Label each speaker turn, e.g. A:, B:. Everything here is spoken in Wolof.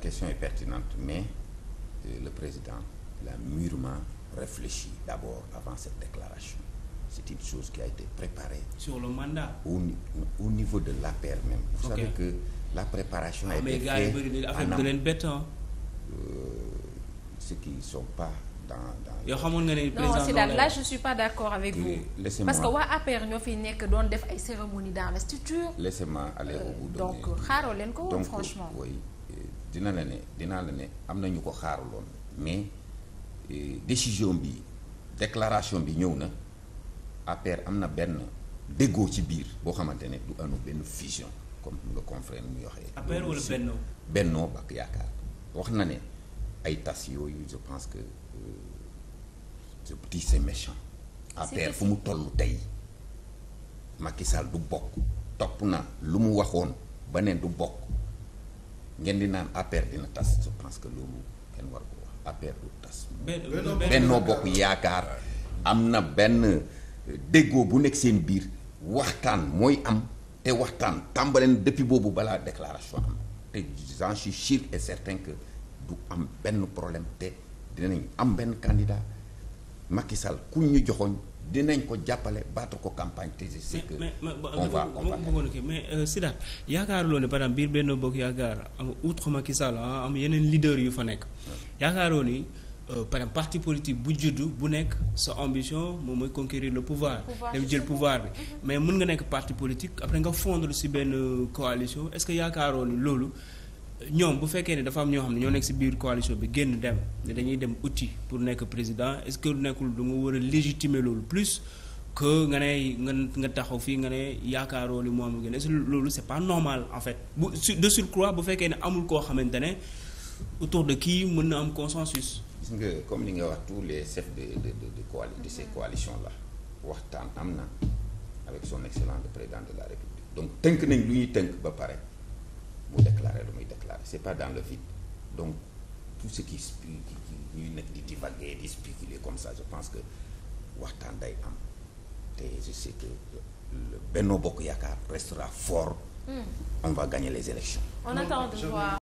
A: question est pertinente, mais euh, le président l'a mûrement réfléchi d'abord avant cette déclaration. C'est une chose qui a été préparée. Au, niveau de l'APR même. Vous savez que la préparation ah, a mais été gars, faite. Mais
B: gars, euh, ceux qui ne sont pas dans dans. yoo xamoon nga ne président suis pas d' avec vous. parce que waa APR ñoo fi nekk doon def ay cérémonie d'investiture.
A: laissez-moi aller au bout euh, donc
B: xaaroo leen ko woon franchement.
A: dina la ne dinaa la ne am na ñu ko xaaruloon mais eh, décision bi déclaration bi ñëw na APR am na benn déggoo ci biir boo xamante ne du anu benn fusion comme nga confrère mu waxee. APR wala Benno Benno Bokk Yaakaar wax na ne ay tas yooyu je pense que ce euh, petit c'est fu mu toll tey Macky du bokk topp na lu mu waxoon ba ne du bokk. ngeen di naan APR dina tas je pense que loolu kenn war ko wax APR du tas. bennoo Bokk Yaakaar am na benn déggoo bu nekk seen biir waxtaan mooy am te waxtaan tàmbaleen depuis boobu balaa déclaration am te j'en suis et certain que du am benn problème te dinañ am benn candidat Macky ku ñu joxoñ dinañ ko jàppale baatu ko campagne te c'est que on va on va
B: mais euh, Sidath yaakaar loo ne par exemple biir benn bokk yaakaar am outre Macky Sall ah, am yeneen leader yu fa nekk yaakaaroo ni euh, par exemple parti politique bu juddu bu nekk sa ambition moom mooy conquérir le pouvoir dem jël pouvoir bi mhm. mais mun nga nekk parti politique après nga fondre si benn coalition est-ce que yaakaaroo ni loolu ñoom bu fekkee ne dafa am ñoo xam ne ñoo nekk si biir coalition bi génn dem ne dañuy dem outil pour nekk président est-ce que nekkul du nga war a légitimer loolu plus que nga ne nga nga taxaw fii nga ne yaakaaroo li moom gën est-ce que loolu c'est pas normal en fait bu de surcroît bu fekkee ne amul koo xamante ne autour de kii mën na am consensus.
A: gis nga comme li nga wax tous les chefs de de de de coali de ces coalitions waxtaan am na avec son excellence le de la donc tënk nañ lu ñuy tënk ba pare mu déclarer c'est pas dans le vide donc tout ce qui ñuy nekk di divaguer di spéculer comme ça je pense que waxtaan day am te je sais que Benno Bokk Yaakaar restera fort. Hmm. on va gagner les élections.